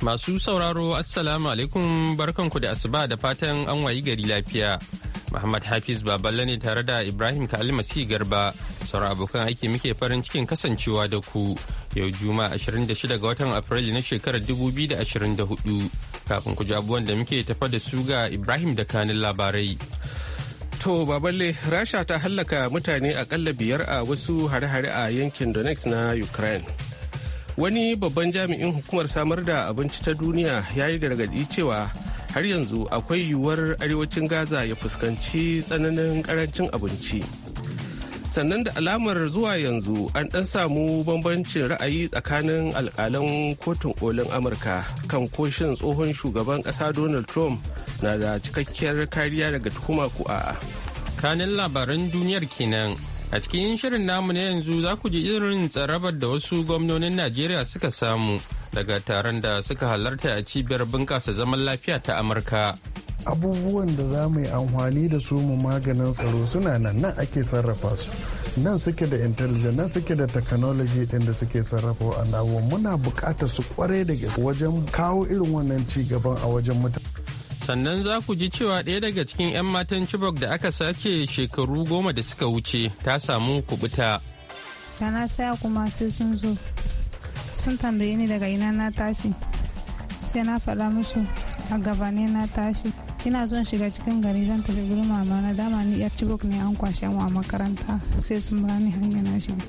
Masu sauraro Assalamu alaikum barkanku da asuba da fatan an wayi gari lafiya. Muhammad Hafiz Baballe ne tare da Ibrahim Kalmasi Garba sauran abokan aiki muke farin cikin kasancewa da ku yau Juma'a 26 ga watan Afrilu na shekarar 2024 kafin ku ji abubuwan da muke tafa da su ga Ibrahim da kanin labarai. To Baballe, Rasha ta hallaka mutane akalla biyar a wasu hare-hare a yankin Donetsk na Ukraine. wani babban jami'in hukumar samar da abinci ta duniya ya yi gargaɗi cewa har yanzu akwai yiwuwar arewacin gaza ya fuskanci tsananin karancin abinci sannan da alamar zuwa yanzu an ɗan samu bambancin ra'ayi tsakanin alkalan kotun kolin amurka kan koshin tsohon shugaban ƙasa donald trump na da cikakkiyar kariya daga tuhuma ko a'a kanin labaran duniyar kenan A cikin shirin namu na yanzu za ku ji irin tsarabar da wasu gwamnonin Najeriya suka samu daga taron da suka halarta a cibiyar bunƙasa zaman lafiya ta Amurka. Abubuwan da za mu yi amfani da su mu maganin tsaro suna nan nan ake sarrafa su. Nan suke da intelligence nan suke da technology din da suke sarrafa wa'annan muna buƙatar su kwarai da wajen kawo irin wannan ci gaban a wajen mutane. sannan za ku ji cewa ɗaya daga cikin 'yan matan chibok da aka sake shekaru goma da suka wuce ta samu kubuta da na saya kuma sai sun zo sun tambaye ni daga ina na tashi sai na faɗa musu a gabane na tashi ina son shiga cikin gari zan tafi gurin mama na dama ni yar chibok ne an kwashe mu a makaranta sai sun rani hanya na shiga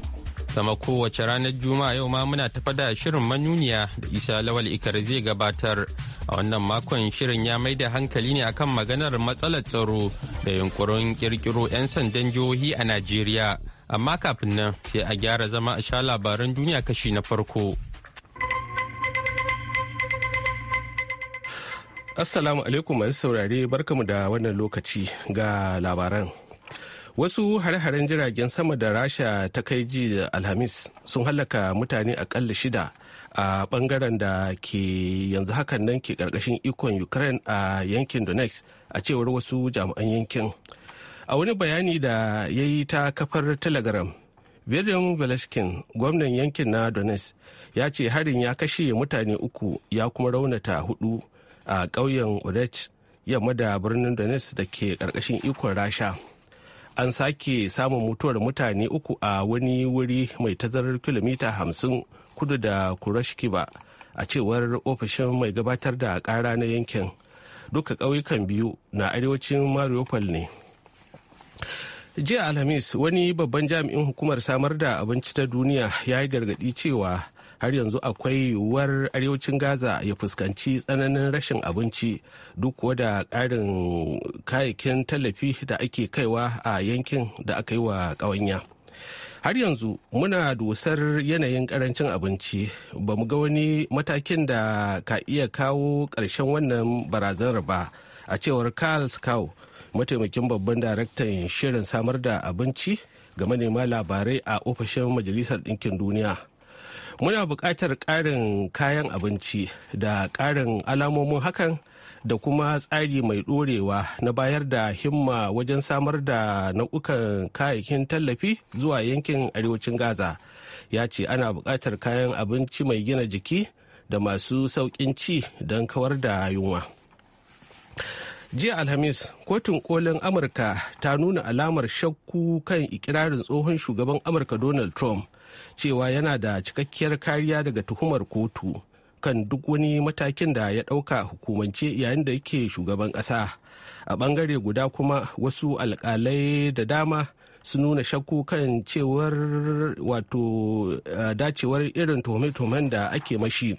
sama kowace ranar juma'a yau ma muna tafa da shirin manuniya da isa lawal ikar zai gabatar a wannan makon shirin ya mai da hankali ne akan maganar matsalar tsaro da yunkurin kirkiro 'yan sandan jihohi a najeriya amma kafin nan sai a gyara zama a sha labaran duniya kashi na farko assalamu alaikum masu saurare barkamu da wannan lokaci ga labaran wasu hare-haren jiragen sama da rasha ta kai ji alhamis sun hallaka mutane akalla shida a bangaren da ke yanzu hakan nan ke karkashin ikon ukraine a yankin donetsk a cewar wasu jami'an yankin a wani bayani da ya yi ta kafar telegram William Velaskin, gwamnan yankin na Donetsk, ya ce harin ya kashe mutane uku ya kuma raunata hudu a ƙauyen Odech yamma da birnin Donetsk da ke ƙarƙashin ikon Rasha. An sake samun mutuwar mutane uku a wani wuri mai tazarar kilomita hamsin kudu da kurashki ba a cewar ofishin mai gabatar da kara na yankin duka ƙauyukan biyu na arewacin mariupol ne jiya alhamis wani babban jami'in hukumar samar da abinci ta duniya ya yi gargaɗi cewa har yanzu akwai yiwuwar arewacin gaza ya fuskanci tsananin rashin abinci duk kuwa da ƙarin kayayyakin tallafi da ake kaiwa a yankin da aka yi wa ƙawanya har yanzu muna dosar yanayin karancin abinci ba mu ga wani matakin da ka iya kawo ƙarshen wannan barazanar ba a cewar Karl scow mataimakin babban daraktan shirin samar da abinci ga manema labarai a ofishin majalisar ɗinkin duniya muna buƙatar ƙarin kayan abinci da ƙarin alamomin hakan da kuma tsari mai ɗorewa na bayar da himma wajen samar da nau'ukan kayayyakin tallafi zuwa yankin arewacin gaza ya ce ana buƙatar kayan abinci mai gina jiki da masu sauƙin ci don kawar da yunwa jiya alhamis kotun kolin amurka ta nuna alamar shakku kan ikirarin tsohon shugaban amurka donald trump cewa yana da cikakkiyar kariya daga tuhumar kotu kan duk wani matakin da ya ɗauka hukumance yayin da yake shugaban ƙasa a bangare guda kuma wasu alƙalai da dama su nuna shakku kan cewar wato eh, dacewar irin tuhume-tuhumen da ake mashi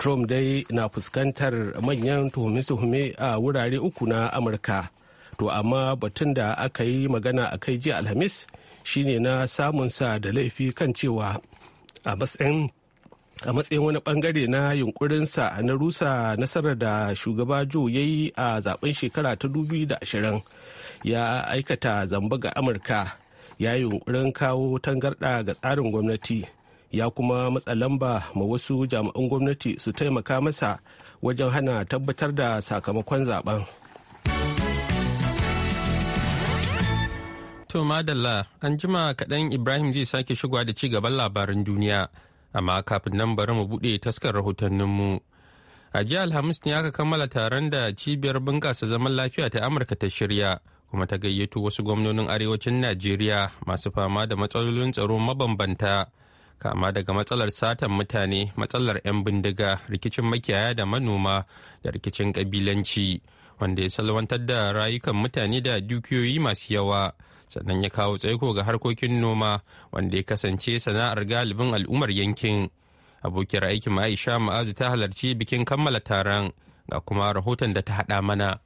trump dai na fuskantar manyan tuhume-tuhume a wurare uku na amurka to amma batun da aka yi magana a kai jiya alhamis shine na samunsa da laifi kan cewa a matsayin a matsayin wani bangare na yunkurinsa na rusa nasarar da shugaba joe ya a zaben shekara ta da 2020 ya aikata zamba ga amurka ya yi yunkurin kawo tangarɗa ga tsarin gwamnati ya kuma matsa lamba ma wasu jami'an gwamnati su taimaka masa wajen hana tabbatar da sakamakon zaben. To madalla an jima kaɗan Ibrahim zai sake shigowa da ci gaban labaran duniya amma kafin nan bari mu buɗe taskar rahotanninmu. A jiya Alhamis ne aka kammala taron da cibiyar bunƙasa zaman lafiya ta Amurka ta shirya kuma ta gayyato wasu gwamnonin arewacin Najeriya masu fama da matsalolin tsaro mabambanta kama daga matsalar satan mutane, matsalar 'yan bindiga, rikicin makiyaya da manoma da rikicin kabilanci wanda ya salwantar da rayukan mutane da dukiyoyi masu yawa. sannan ya kawo tsaiko ga harkokin noma wanda ya kasance sana'ar galibin al'ummar yankin abokiyar aikin aisha ma'azu ta halarci bikin kammala taron ga kuma rahoton da ta haɗa mana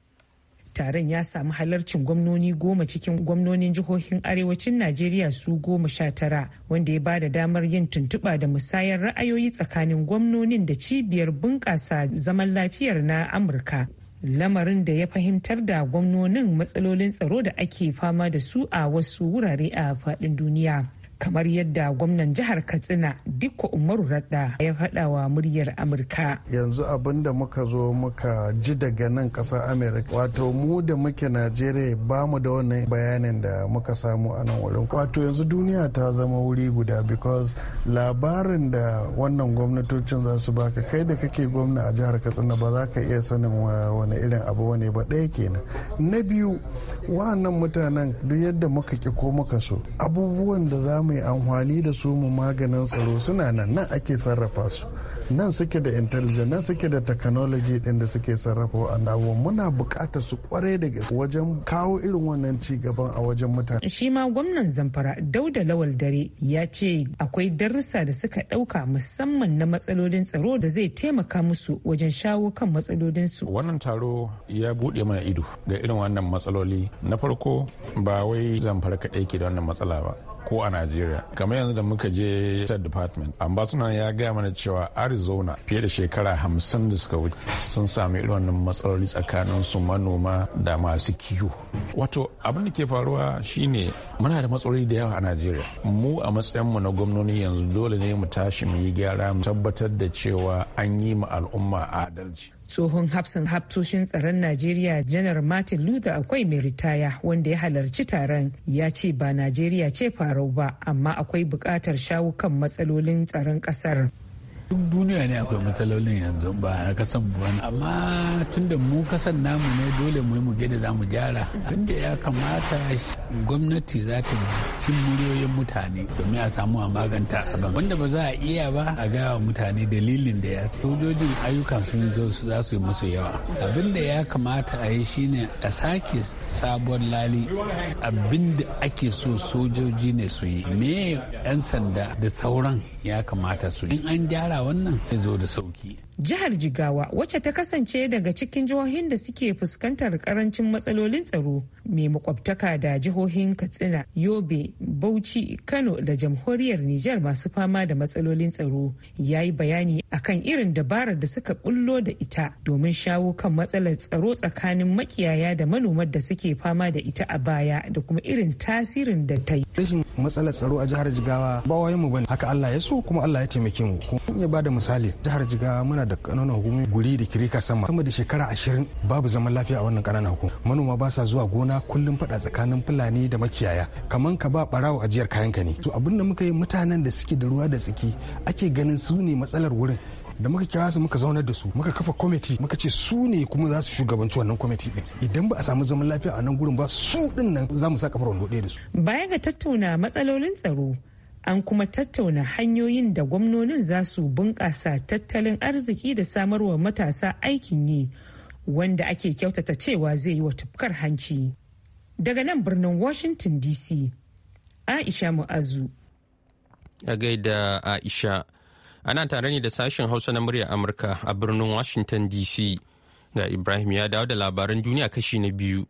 taron ya samu halarcin gwamnoni goma cikin gwamnonin jihohin arewacin najeriya su goma sha tara wanda ya bada damar yin tuntuɓa da musayar ra'ayoyi tsakanin gwamnonin da cibiyar bunƙasa zaman lafiyar na amurka lamarin da ya fahimtar da gwamnonin matsalolin tsaro da ake fama da su a wasu wurare a faɗin duniya. kamar yadda gwamnan jihar katsina dikko umaru radda ya faɗa wa muryar amurka yanzu abin da muka zo muka ji daga nan ƙasar amurka wato mu da muke najeriya ba mu da wannan bayanin da muka samu a nan wurin wato yanzu duniya ta zama wuri guda because labarin da wannan gwamnatocin za su baka kai da kake gwamna a jihar katsina ba za ka iya sanin wani irin abu wane ba ɗaya kenan na biyu wa'annan mutanen duk yadda muka ki ko muka so abubuwan da za mai amfani da su mu maganin tsaro suna nan nan ake sarrafa su nan suke da intelligence nan suke da technology din da suke sarrafa wa'anda muna bukatar su kwarai da gaske wajen kawo irin wannan ci gaban a wajen mutane. shi ma gwamnan zamfara dauda lawal dare ya ce akwai darussa da suka dauka musamman na matsalolin tsaro da zai taimaka musu wajen shawo kan matsalolin su. wannan taro ya bude mana ido ga irin wannan matsaloli na farko ba wai zamfara kaɗai ke da wannan matsala ba ko a Najeriya. Kamar yanzu da muka je State Department, ambassador ya gaya mana cewa Arizona fiye da shekara hamsin da suka wuce sun sami irin wannan matsaloli tsakanin su manoma da masu kiwo. Wato abin da ke faruwa shine muna da matsaloli da yawa a Najeriya. Mu a matsayin mu na gwamnoni yanzu dole ne mu tashi mu yi gyara mu tabbatar da cewa an yi ma al'umma adalci. tsohon hafsan haftoshin tsaron najeriya janar martin luther akwai mai ritaya wanda ya halarci taron ya ce ba najeriya ce farau ba amma akwai buƙatar shawo kan matsalolin tsaron ƙasar duk duniya ne akwai matsalolin yanzu ba na kasan wani amma tunda mu kasan namu ne dole mu yi mu gida za mu gyara tunda ya kamata gwamnati za ta cin muryoyin mutane domin a samu a maganta abin wanda ba za a iya ba a gaya wa mutane dalilin da ya sojojin ayyukan sun zo za su yi musu yawa abin da ya kamata a yi shine a sake sabon lali abin da ake so sojoji ne su yi me yan sanda da sauran ya kamata su yi? in an gyara wannan zai zo da sauki jihar jigawa wacce ta kasance daga cikin jihohin da suke fuskantar karancin matsalolin tsaro mai makwabtaka da jihohin jihohin katsina yobe bauchi kano da jamhuriyar nijar masu fama da matsalolin tsaro ya yi bayani akan irin dabarar da suka bullo da ita domin shawo kan matsalar tsaro tsakanin makiyaya da manomar da suke fama da ita a baya da kuma irin tasirin da ta yi rashin matsalar tsaro a jihar jigawa ba mu bane haka Allah ya so kuma Allah ya taimake mu kun ya bada misali jihar jigawa muna da kananan hukumomi guri da kirika sama sama da shekara ashirin babu zaman lafiya a wannan kananan hukuma manoma ba sa zuwa gona kullum fada tsakanin fulani mutane da makiyaya kamar ka ba barawo ajiyar kayan ka ne to abin da muka yi mutanen da suke da ruwa da tsiki ake ganin su ne matsalar wurin da muka kira su muka zaunar da su muka kafa kwamiti muka ce su ne kuma za su shugabanci wannan kwamiti din idan ba a samu zaman lafiya a nan gurin ba su din nan za mu sa kafar wando da su baya ga tattauna matsalolin tsaro an kuma tattauna hanyoyin da gwamnonin za su bunƙasa tattalin arziki da samarwa matasa aikin yi wanda ake kyautata cewa zai yi wa tufkar hanci Daga nan birnin Washington DC, Aisha Mu'azu. A gaida Aisha, ana tare ne da sashen Hausa na murya Amurka a birnin Washington DC. Ga Ibrahim ya dawo da labaran duniya kashi na biyu.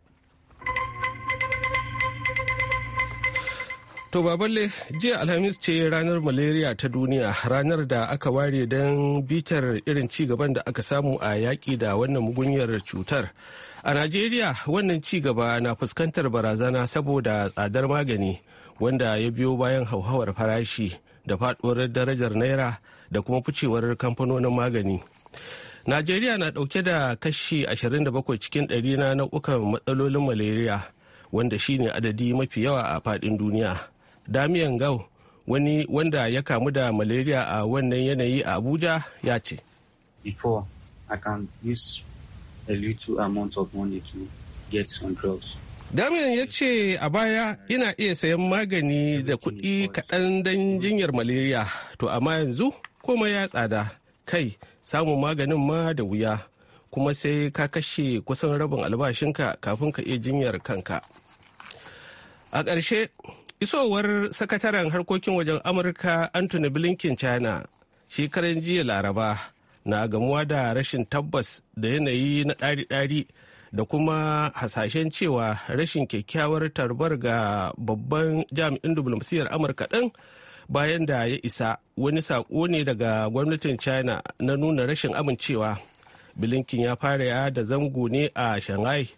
To baballe jiya Alhamis ce ranar malaria ta duniya ranar da aka ware don bitar irin ci gaban da aka samu a yaƙi da wannan mugunyar cutar. A Najeriya wannan ci gaba na fuskantar barazana saboda tsadar magani wanda ya biyo bayan hauhawar farashi da faduwar darajar naira da kuma ficewar kamfanonin magani. Najeriya na dauke da kashi 27 cikin 100 na nau'ukan matsalolin malaria wanda shine adadi mafi yawa a fadin duniya. Damian Gau wani wanda ya kamu da malaria a wannan yanayi a Abuja ya ce. Before I can use a little amount of money to get some drugs. Damian ya ce a baya ina iya sayan magani da kuɗi kaɗan don jinyar malaria to amma yanzu komai ya tsada kai samun maganin ma da wuya kuma sai ka kashe kusan rabin albashinka kafin ka iya jinyar kanka. A ƙarshe isowar sakataren harkokin wajen Amurka Anthony Blinken China shekaran jiya Laraba. na gamuwa da rashin tabbas da yanayi na ɗari-ɗari da kuma hasashen cewa rashin kyakkyawar tarbar ga babban jami'in diplomasiyar amurka ɗin bayan da ya isa wani saƙo ne daga gwamnatin china na nuna rashin amincewa bilinkin ya fara ya da zango ne a shanghai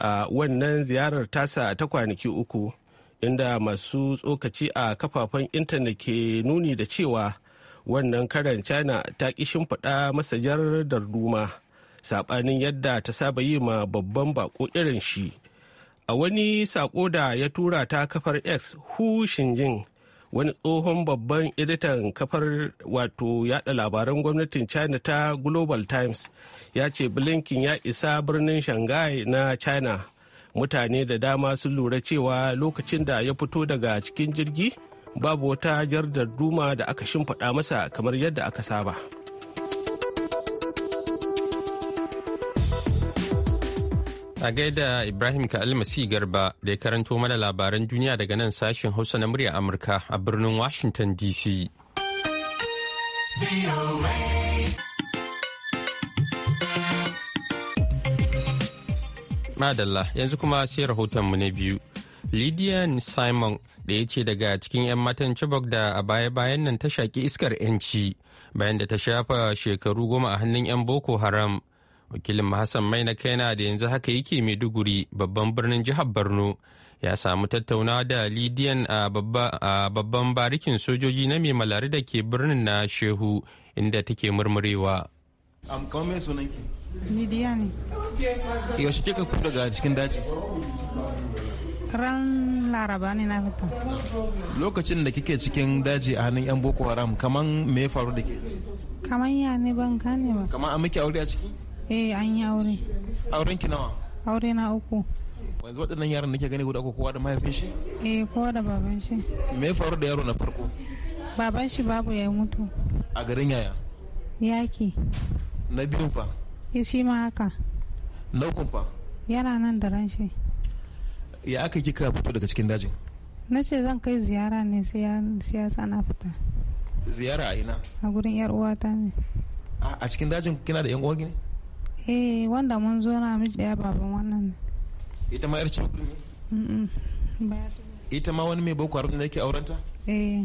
a wannan ziyarar tasa ta kwanaki uku inda masu tsokaci a kafafen intanet ke nuni da cewa wannan karan china ta ƙi shimfiɗa masajar duma. saɓanin yadda ta saba yi ma babban bako irin shi a wani saƙo da ya tura ta kafar x hu shinjin wani tsohon babban editan kafar wato yada labaran gwamnatin china ta global times ya ce blinken ya isa birnin shanghai na china mutane da dama sun lura cewa lokacin da ya fito daga cikin jirgi babu wata jardar duma da aka shimfiɗa masa kamar yadda aka saba. A gaida Ibrahim Ka'al Garba da ya karanto mana labaran duniya daga nan sashen Hausa na murya Amurka a birnin Washington DC. Madalla yanzu kuma sai rahotonmu na biyu. Lydia simon ɗaya ce daga cikin 'yan matan chibok da a baya-bayan nan ta shaki iskar 'yanci bayan da ta shafa shekaru goma a hannun 'yan boko haram wakilin hassan mai na kaina da yanzu haka yake maiduguri babban birnin jihar borno ya samu tattaunawa da lydian a babban barikin sojoji na mai malari da ke birnin na shehu inda take murmurewa ne yaushe kika ku daga cikin daji ran laraba ne na fita lokacin da kike cikin daji a hannun yan boko haram kaman me faru da ke kaman ya ne ban gane ba kaman an miki aure a ciki eh an yi aure auren ki nawa aure na uku yanzu waɗannan yaran nake gani guda kowa da mahaifin shi eh kowa da baban shi me faru da yaro na farko baban shi babu ya mutu a garin yaya yaki na biyun fa eh, shi ma haka na ukun fa yana nan da ran shi ya aka yi kika fito daga cikin dajin na ce zan kai ziyara ne sai ya sana fita ziyara a ina a gurin yar uwata ne a cikin dajin kina da yan uwa ne eh wanda mun zo na miji ya baban wannan ne ita ma yar cikin ne ita ma wani mai boko haram ne yake aurenta eh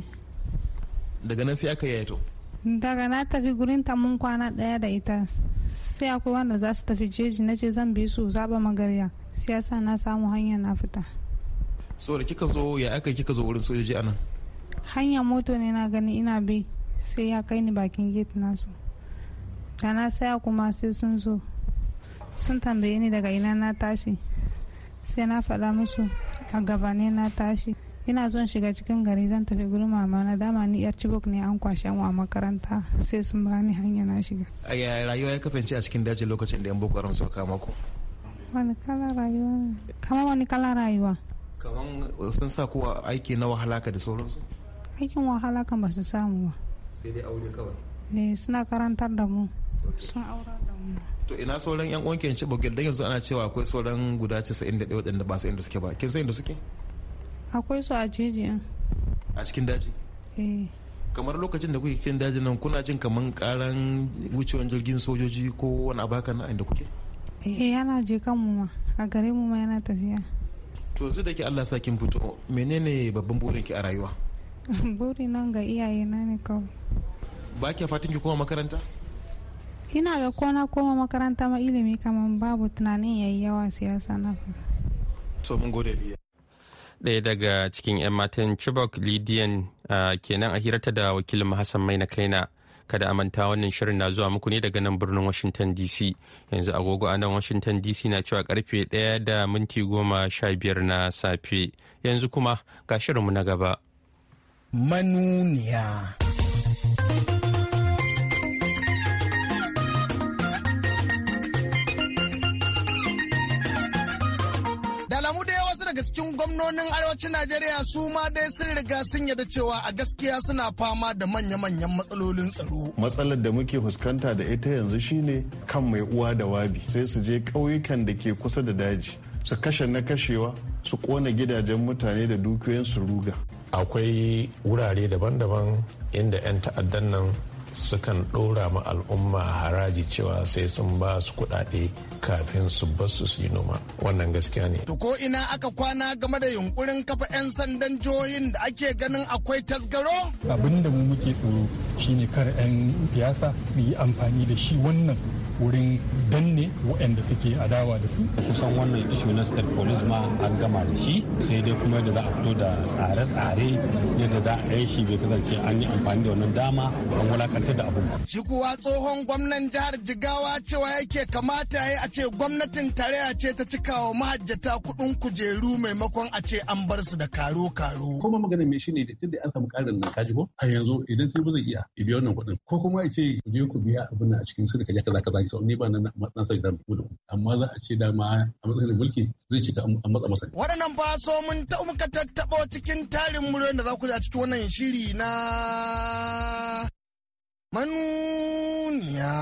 daga nan sai aka yayato daga na tafi gurin ta mun kwana daya da ita sai akwai wanda za su tafi jeji na ce zan bi su zaba magarya siyasa na samu hanya na fita so da kika zo ya aka kika zo wurin sojoji a nan hanya moto ne na gani ina bi sai ya kai ni bakin gate nasu da na saya kuma sai sun zo sun tambaye ni daga ina na tashi sai na faɗa musu a gabane na tashi ina son shiga cikin gari zan tafi gurin mama na dama ni yar chibok ne an kwashe mu a makaranta sai sun bani hanya na shiga a yaya rayuwa ya kafance a cikin dajin lokacin da yan boko haram suka kama ku wani kala rayuwa kama wani kala rayuwa kaman sun sa kuwa aiki na wahala ka da sauransu aikin wahala kan ba su samu ba sai dai aure kawai eh suna karantar da mu sun aurar da mu to ina sauran yan uwan kiyanci bugil dan yanzu ana cewa akwai sauran guda 91 waɗanda ba su inda suke ba kin san inda suke akwai su a jeji eh. a cikin daji eh kamar lokacin da kuke cikin daji nan kuna jin kamar karan wucewan jirgin sojoji ko wani abaka na inda kuke Eh, yana je kan mu ma a gare mu ma yana tafiya to zai da ke Allah sa kin fito menene babban burin ki a rayuwa buri nan ga iyaye na ne kawai ba ki fatan ki koma makaranta ina ga ko na koma makaranta ma ilimi kaman babu tunanin yayi yawa siyasa na to mun gode liya ɗaya daga cikin 'yan matan chibok lidiyan ah, kenan a hirarta da wakilin hassan mai na kaina kada a manta wannan shirin na zuwa muku ne daga nan birnin washington dc yanzu agogo a nan washington dc na cewa karfe 1 da minti goma sha biyar na safe yanzu kuma ga shirinmu na gaba manuniya daga cikin gwamnonin arewacin Najeriya su ma dai sun riga sun yarda cewa a gaskiya suna fama da manya-manyan matsalolin tsaro. Matsalar da muke fuskanta da ita yanzu shine kan mai uwa da wabi sai su je ƙauyukan da ke kusa da daji su kashe na kashewa su kona gidajen mutane da dukiyoyin su ruga. Akwai wurare daban-daban inda 'yan ta'addan nan sukan ɗora ma al'umma haraji cewa sai sun ba su kuɗaɗe kafin su basu su yi noma wannan gaskiya ne. To ko ina aka kwana game da yunkurin kafa 'yan sandan jihohin da ake ganin akwai tasgaro? abinda mu muke tsoro shine kar 'yan siyasa su yi amfani da shi wannan wurin danne waɗanda suke adawa da su kusan wannan ishu na state police ma an gama da shi sai dai kuma da za a fito da tsare-tsare yadda za a yi shi bai kasance an yi amfani da wannan dama an wulakantar da abu shi kuwa tsohon gwamnan jihar jigawa cewa yake kamata ya a ce gwamnatin tarayya ce ta cika wa mahajjata kuɗin kujeru maimakon a ce an bar su da karo-karo kuma magana me shine da tunda an samu ƙarin nan kaji ko a yanzu idan tinubu zai iya ibiyon wannan kuɗin ko kuma a ce je ku biya abin a cikin su da kaza kaza sake sau ni ba na sake da mutu amma za a ce ma a matsayin mulki zai cika a matsa masa. Waɗannan ba so mun ta muka tattabo cikin tarin muryoyin da za ku ji a cikin wannan shiri na manuniya.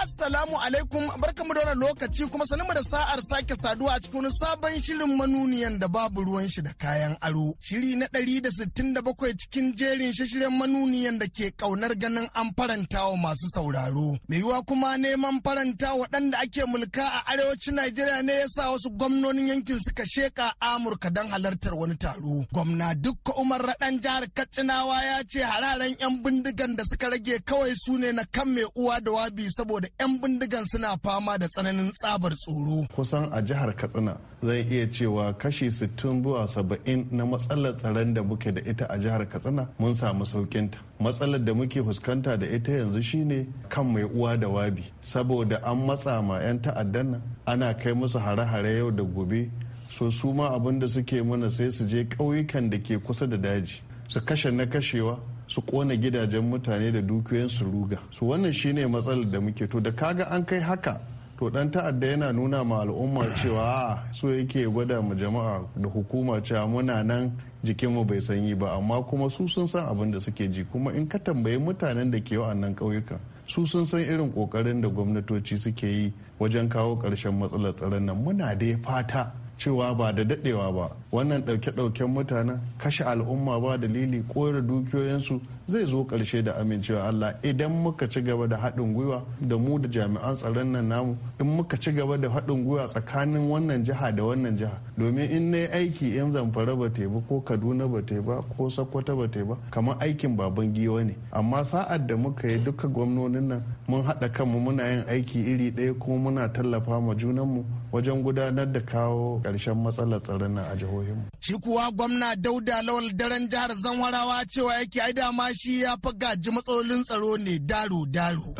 Assalamu alaikum. alaikum barkamu da wannan lokaci kuma mu da sa'ar sake saduwa a cikin sabon shirin manuniyan da babu ruwan shi da kayan aro. Shiri na ɗari da sittin da bakwai cikin jerin shirin manuniyan da ke kaunar ganin an faranta wa masu sauraro. Mai yiwa kuma neman faranta waɗanda ake mulka a arewacin Najeriya ne yasa wasu gwamnonin yankin suka sheka Amurka don halartar wani taro. Gwamna Dukka Umar Raɗan jihar Katsinawa ya ce hararen 'yan bindigan da suka rage kawai su ne na kan mai uwa da wabi saboda 'yan bindigan sun suna fama da tsananin tsabar tsoro. Kusan a jihar Katsina zai iya cewa kashi 60 zuwa 70 na matsalar tsaron da muke da ita a jihar Katsina mun samu saukinta. Matsalar da muke fuskanta da ita yanzu shine kan mai uwa da wabi saboda an matsa ma 'yan ta'addan nan ana kai musu hare-hare yau da gobe so su ma abin da suke mana sai su je ƙauyukan da ke kusa da daji su kashe na kashewa su kona gidajen mutane da dukiyoyin su ruga su wannan shine matsalar da muke to da kaga an kai haka to dan ta'adda yana nuna ma al'umma cewa ah, so yake gwada mu jama'a da hukuma cewa muna nan jikinmu bai sanyi ba amma kuma su sun san abin da suke ji kuma in ka tambayi mutanen da ke wa'annan ƙauyukan su sun san irin kokarin da gwamnatoci suke yi wajen kawo ƙarshen matsalar tsaron nan muna dai fata cewa ba da daɗewa ba wannan ɗauke ɗauken mutanen kashe al'umma ba dalili kore dukiyoyinsu zai zo ƙarshe da amincewa Allah idan muka ci gaba da haɗin gwiwa da mu da jami'an tsaron nan namu in muka ci gaba da haɗin gwiwa tsakanin wannan jiha da wannan jiha domin in na aiki in zamfara ba ba ko kaduna ba ba ko sokoto ba ba kamar aikin baban giwa ne amma sa'ad da muka yi duka gwamnonin nan mun haɗa kanmu muna yin aiki iri ɗaya kuma muna tallafa ma junanmu wajen gudanar da kawo ƙarshen matsalar tsaron nan a jihohinmu. Shi kuwa gwamna Dauda Lawal daren jihar Zanwarawa cewa yake ai dama shi ya fi gaji matsalolin tsaro ne daro daro.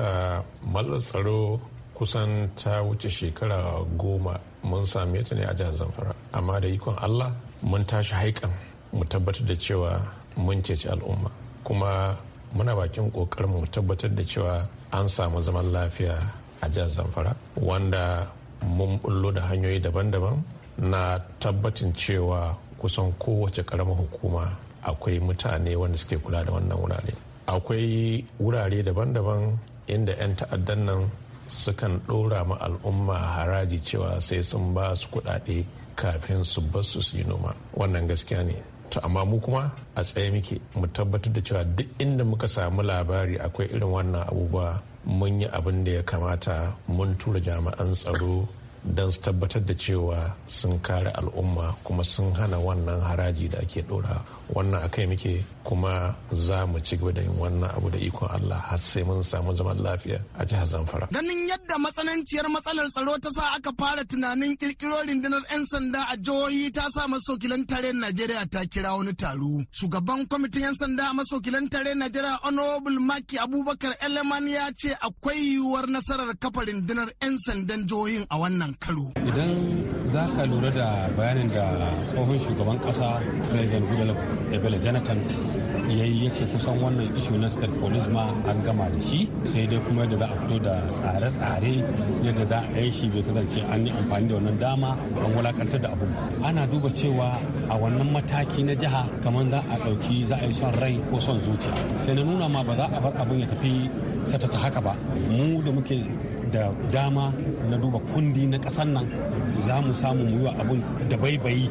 Matsalar tsaro kusan ta wuce shekara goma mun same ta ne a jihar Zamfara amma da ikon Allah mun tashi haikan mu tabbatar da cewa mun ceci al'umma kuma muna bakin kokarin mu tabbatar da cewa an samu zaman lafiya a jihar Zamfara wanda mun bullo da hanyoyi daban-daban na tabbatin cewa kusan kowace karamar hukuma akwai mutane wanda suke kula da wannan wurare akwai wurare daban-daban inda 'yan ta'addan nan sukan ɗora ma al'umma haraji cewa sai sun ba su kuɗaɗe kafin su basu su yi noma wannan gaskiya ne to amma mu kuma a tsaye muke mu tabbatar da cewa duk inda muka samu labari akwai irin wannan abubuwa mun yi abin da ya kamata mun tura jami'an tsaro don su tabbatar da cewa sun kare al'umma kuma sun hana wannan haraji da ake dora wannan akai muke kuma za mu ci gaba da yin wannan abu da ikon Allah har sai mun samu zaman lafiya a jihar Zamfara. Ganin yadda matsananciyar matsalar tsaro ta sa aka fara tunanin kirkiro rundunar 'yan sanda a jihohi ta sa masokilan tarayyar Najeriya ta kira wani taro. Shugaban kwamitin 'yan sanda a masokilan tarayyar Najeriya Honorable Maki Abubakar Eleman ya ce akwai yiwuwar nasarar kafa rundunar 'yan sandan jihohin a wannan karo. Idan za ka lura da bayanin da tsohon shugaban kasa President Goodluck Ebele Jonathan yayi ya ce kusan wannan ishu na state police ma an gama da shi sai dai kuma yadda za a fito da tsare-tsare yadda za a yi shi bai kasance an yi amfani da wannan dama an wulakantar da abun ana duba cewa a wannan mataki na jiha kamar za a ɗauki za a yi son rai ko son zuciya sai na nuna ma ba za a bar abun ya tafi ta haka ba mu da muke da dama na duba kundi na kasan nan za mu samu mu yi wa abun da baibayi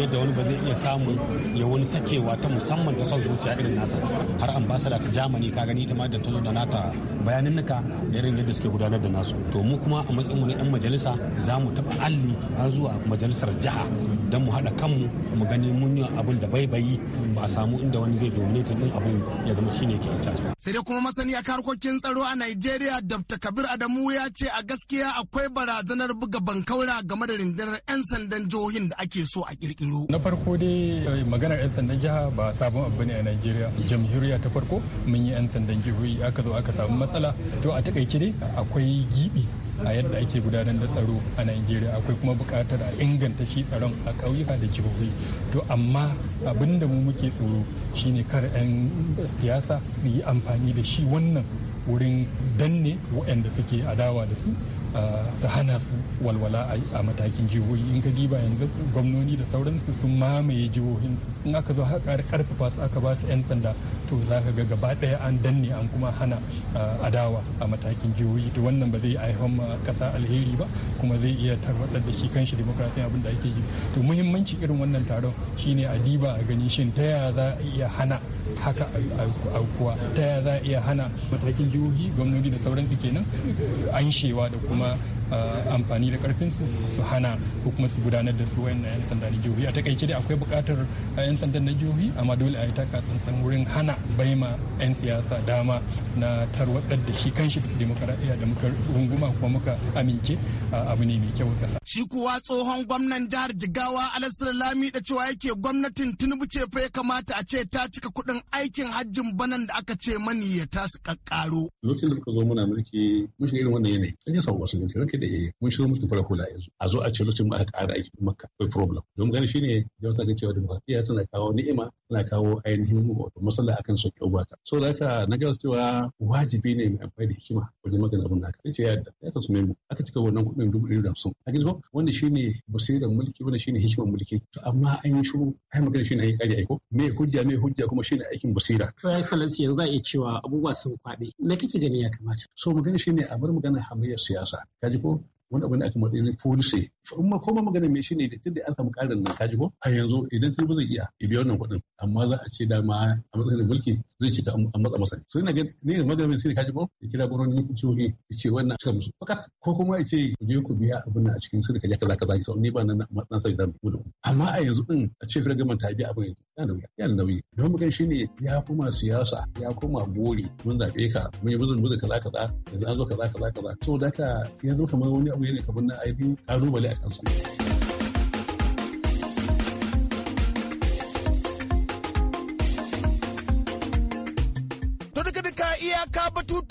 yadda wani ba zai iya samu ya wani sakewa ta musamman ta son zuciya irin nasa har ambasada ta jamani ka gani ta da ta zo da nata bayanin nuka da irin yadda suke gudanar da nasu to mu kuma a matsayin mu na yan majalisa za mu taɓa alli har zuwa majalisar jiha don mu haɗa kanmu mu gani mun yi abun da baibayi ba a samu inda wani zai dominate din abun ya zama shine ke a sai dai kuma masani a harkokin harkokin tsaro a Najeriya Dr. Kabir Adamu ya ce a gaskiya akwai barazanar buga bankaura game da rindinar 'yan sandan jihohin da ake so a kirkiro. Na farko dai eh, maganar 'yan sandan jiha ba sabon abu ne a Najeriya. Jamhuriya ta farko mun yi 'yan sandan jihohi aka zo aka samu matsala. To a takaice dai akwai gibi a yadda ake gudanar da tsaro a Najeriya akwai kuma buƙatar a inganta shi tsaron a ƙauyuka da jihohi to amma abin da mu muke tsoro shine kar 'yan siyasa su yi amfani da shi wannan wurin danne waɗanda suke adawa da su ta hana su walwala a matakin jihohi in ka diba yanzu gwamnoni da sauransu sun mamaye jihohinsu in aka zo haka karfafa su aka ba su 'yan sanda to za ka ga gaba ɗaya an danne an kuma hana adawa a matakin jihohi to wannan ba zai yi ma ƙasa alheri ba kuma zai iya tarwatsar da shi kan shi demokrasiya abin da ake yi to muhimmanci irin wannan taron shine a diba a gani shin ta yaya za a iya hana haka aukuwa ta yaya za a iya hana matakin jihohi gwamnoni da sauransu kenan an anshewa da kuma uh, Eh, amfani da karfinsu su hana ko kuma su gudanar da su wayan 'yan sanda na jihohi a takaice dai akwai bukatar 'yan eh, sandan na jihohi amma dole a yi taka tsantsan wurin hana baima 'yan siyasa dama na tarwatsar da shi kanshi demokaradiyya da muka runguma kuma muka amince abu ne mai kyau kasa. Shi kuwa tsohon gwamnan jihar Jigawa Alassar Lami da cewa yake gwamnatin Tinubu ce fa ya kamata a ce ta cika kuɗin aikin hajjin banan da aka ce mani ya tasu kakkaro. Lokacin da muka zo muna mulki mun shiga irin wannan yanayi. yi da eh mun shigo musu fara kula yanzu a zo a ce lokacin ma aka ƙara aiki maka akwai problem don gani shine yau ta ga cewa demokradiyya tana kawo ni'ima Ana kawo ainihin matsala akan soke ubata so da haka na gasa cewa wajibi ne mai amfani da hikima wajen magana abin da haka ce ya ya kasu mu aka cika wannan kuɗin dubu ɗari da hamsin a gizo wanda shine basirar mulki wanda shine hikimar mulki to amma an yi shiru ai magana shine ai kare aiko me hujja me hujja kuma shine aikin basira to ya lansi yanzu za a iya cewa abubuwa sun kwaɗe na kike gani ya kamata so magana ne a bar magana hamayyar siyasa kaji ko wani abu ne aka sai policy Ko ma koma magana me shine da tunda an samu karin nan kaji ko a yanzu idan sai zai iya ya biya wannan kuɗin amma za a ce dama a matsayin mulki zai ci a matsa masa so ina ga ne da magana shine kaji ko ya kira gwamnati ne ku ciwo ne ya ce wannan cika musu fakat ko kuma ya ce ku je ku biya abin nan a cikin sirri kaje kaza kaza sau ni ba nan matsan sai da mu amma a yanzu din a ce fira gaman ta biya abin yana da yana da nauyi don mu shi ne ya kuma siyasa ya kuma gori mun zabe ka mun yi muzun muzun kaza kaza yanzu an zo kaza kaza kaza so da ka yanzu kamar wani abu al'amari ne kamar na ainihin ƙalubale a kansu.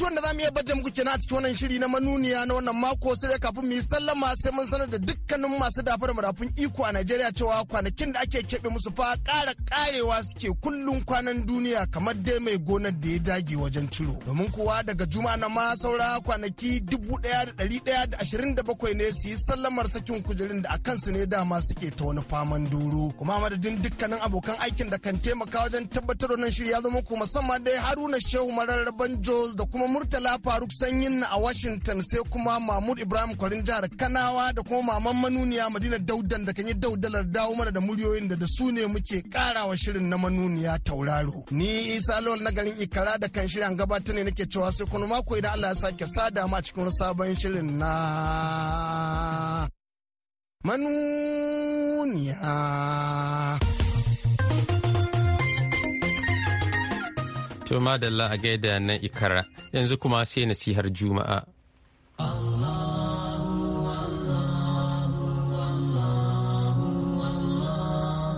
batutuwan da za mu iya baje muku kenan a cikin wannan shiri na manuniya na wannan mako sai dai kafin mu yi sallama sai mun sanar da dukkanin masu dafa da marafin iko a Najeriya cewa kwanakin da ake keɓe musu fa ƙara ƙarewa suke kullum kwanan duniya kamar dai mai gonar da ya dage wajen ciro. Domin kuwa daga juma'a na ma saura kwanaki dubu ɗaya da ɗari ɗaya da ashirin da bakwai ne su yi sallamar sakin kujerun da a kansu ne dama suke ta wani faman doro. Kuma madadin dukkanin abokan aikin da kan taimaka wajen tabbatar wannan shiri ya zama ku musamman dai Haruna Shehu Mararraban Jos da kuma Murtala Faruk Sanyin a Washington sai kuma Mahmud Ibrahim Kwarin jihar Kanawa da kuma Maman Manuniya Madina Daudan da kan yi daudalar dawo mana da muryoyin da da su ne muke karawa shirin na Manuniya tauraro. Ni Isa Lawal na garin Ikara da kan shirin gabatar ne nake cewa sai kuma mako idan Allah ya sake sada mu a cikin sabon shirin na Manuniya. To madalla a gaida na ikara yanzu kuma sai nasihar juma'a. Allah.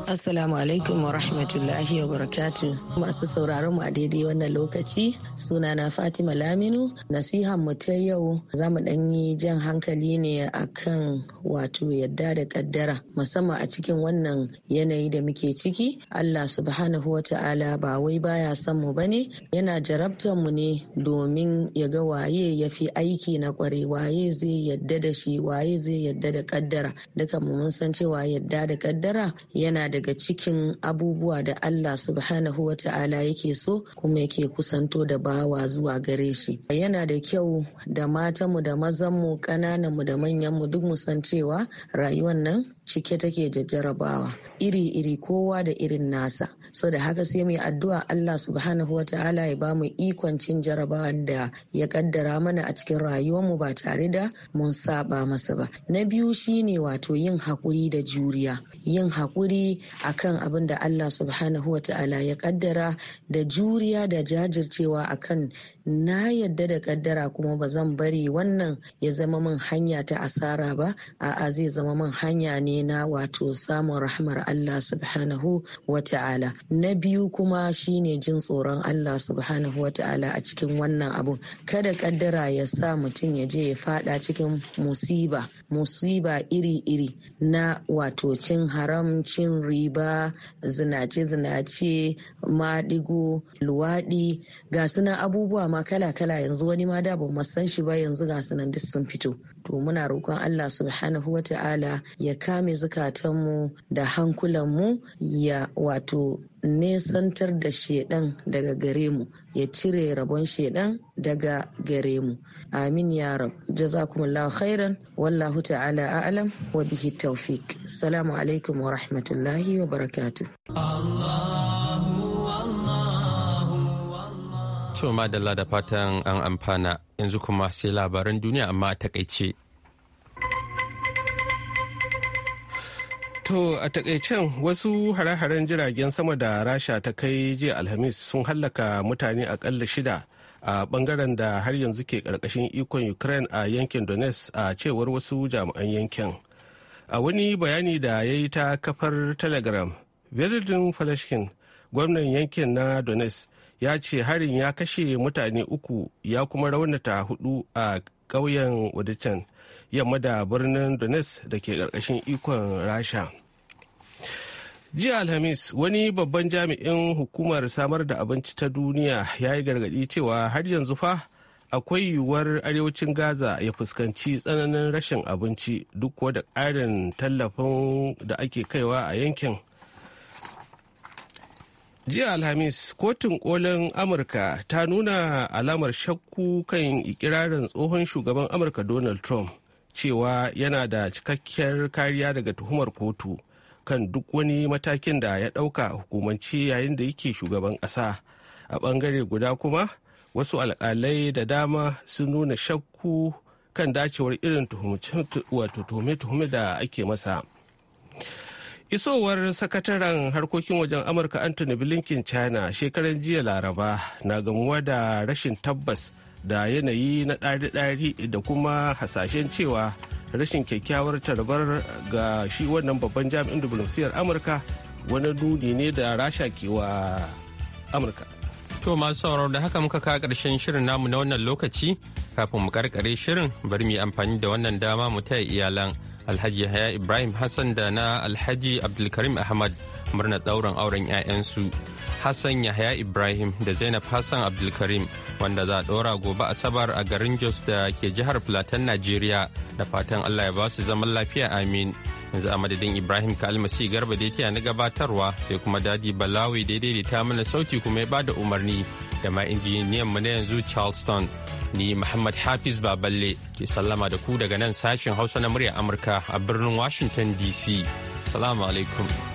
Assalamu alaikum wa rahmatullahi wa barakatu. Masu sauraron mu a daidai wannan lokaci suna na Fatima Laminu. Nasihan mu ta yau za mu ɗan yi jan hankali ne akan wato yadda da kaddara musamman a cikin wannan yanayi da muke ciki. Allah subhanahu wa ta'ala ba wai baya san mu bane yana jarabtar mu ne domin ya ga waye ya fi aiki na kware waye zai yadda da shi waye zai yadda da kaddara. Dukan mu mun san cewa yadda da kaddara yana daga cikin abubuwa da Allah subhanahu wa ta'ala yake so kuma yake kusanto da bawa zuwa gare shi. Yana da kyau da matanmu da mazanmu ƙanananmu da manyanmu duk mu san cewa rayuwar nan cike take da jarabawa iri-iri kowa da irin nasa so da haka sai mai addu'a Allah subhanahu ta'ala ya bamu ikon cin jarabawan da ya kaddara mana a cikin rayuwarmu ba tare da mun saba masa ba na biyu shine wato yin hakuri da juriya yin hakuri akan abin da Allah subhanahu ta'ala ya kaddara da juriya da jajircewa akan na yadda da kaddara kuma ba zan bari wannan ya zama min hanya ta asara ba a'a zai zama min hanya ne na wato samun rahmar Allah subhanahu wa ta'ala na biyu kuma shine jin tsoron Allah subhanahu wa ta'ala a cikin wannan abu. kada kaddara ya sa mutum ya je ya fada cikin musiba musiba iri-iri na wato cin haram cin riba zinace-zinace maɗigo luwaɗi ga suna abubuwa ma kala-kala yanzu wani ma da ban san shi ba yanzu ga sunan duk sun fito to muna roƙon Allah subhanahu wa ya kame zukatanmu da hankulanmu ya wato nesantar da shedan daga gare mu ya cire rabon shedan daga gare mu amin ya rab jazakumullahu khairan wallahu ta'ala a'lam wa bihi tawfiq salamu alaikum wa rahmatullahi wa barakatuh Allah To madalla da fatan an amfana yanzu kuma sai labaran duniya amma a takaice. To a takaicen wasu hare-haren jiragen sama da rasha ta kai jiya alhamis sun hallaka mutane aƙalla shida a bangaren da har yanzu ke karkashin ikon ukraine a yankin donetsk a cewar wasu jami'an yankin a wani bayani da ya yi ta kafar telegram Veridin falashkin gwamnan yankin na donetsk ya ce harin ya kashe mutane uku ya kuma raunata hudu a ƙauyen wadatan yamma da birnin donetsk da ke ƙarƙashin ikon rasha jiya alhamis wani babban jami'in hukumar samar da abinci ta duniya ya yi gargaɗi cewa har yanzu fa akwai yiwuwar arewacin gaza ya fuskanci tsananin rashin abinci duk da ƙarin tallafin da ake kaiwa a yankin jiya alhamis kotun kolin amurka ta nuna alamar shakku kan ikirarin tsohon shugaban amurka donald trump cewa yana da cikakkiyar kariya daga tuhumar kotu kan duk wani matakin da ya dauka hukumance yayin da yake shugaban ƙasa a bangare guda kuma wasu alƙalai da dama sun nuna shakku kan dacewar irin tuhume-tuhume da ake masa Isowar sakataren harkokin wajen Amurka Anthony Blinken China shekaran jiya Laraba na gamuwa da rashin tabbas da yanayi na ɗari-ɗari da kuma hasashen cewa rashin kyakkyawar tarbar ga shi wannan babban jami'in diplomasiyar Amurka wani nuni ne da rasha ke Amurka. To masu sauraro da haka muka kawo karshen shirin namu na wannan lokaci kafin mu karkare shirin bari mu yi amfani da wannan dama mu taya iyalan alhaji haya ibrahim hassan da na alhaji abdulkarim ahmad murnar ɗaurin auren 'ya'yansu hassan yahaya ibrahim da zainab hassan abdulkarim wanda za a ɗora gobe asabar a garin jos da ke jihar filatan najeriya da fatan allah ya ba su zaman lafiya amin yanzu a madadin ibrahim kalmasi garba da ya na gabatarwa sai kuma dadi balawi daidai da ta mana sauti kuma ya bada umarni da ma injiniyan mu na yanzu Charleston. Ni Muhammad Hafiz Baballe ke sallama da ku daga nan sashen Hausa na murya Amurka a birnin Washington DC. Salamu alaikum.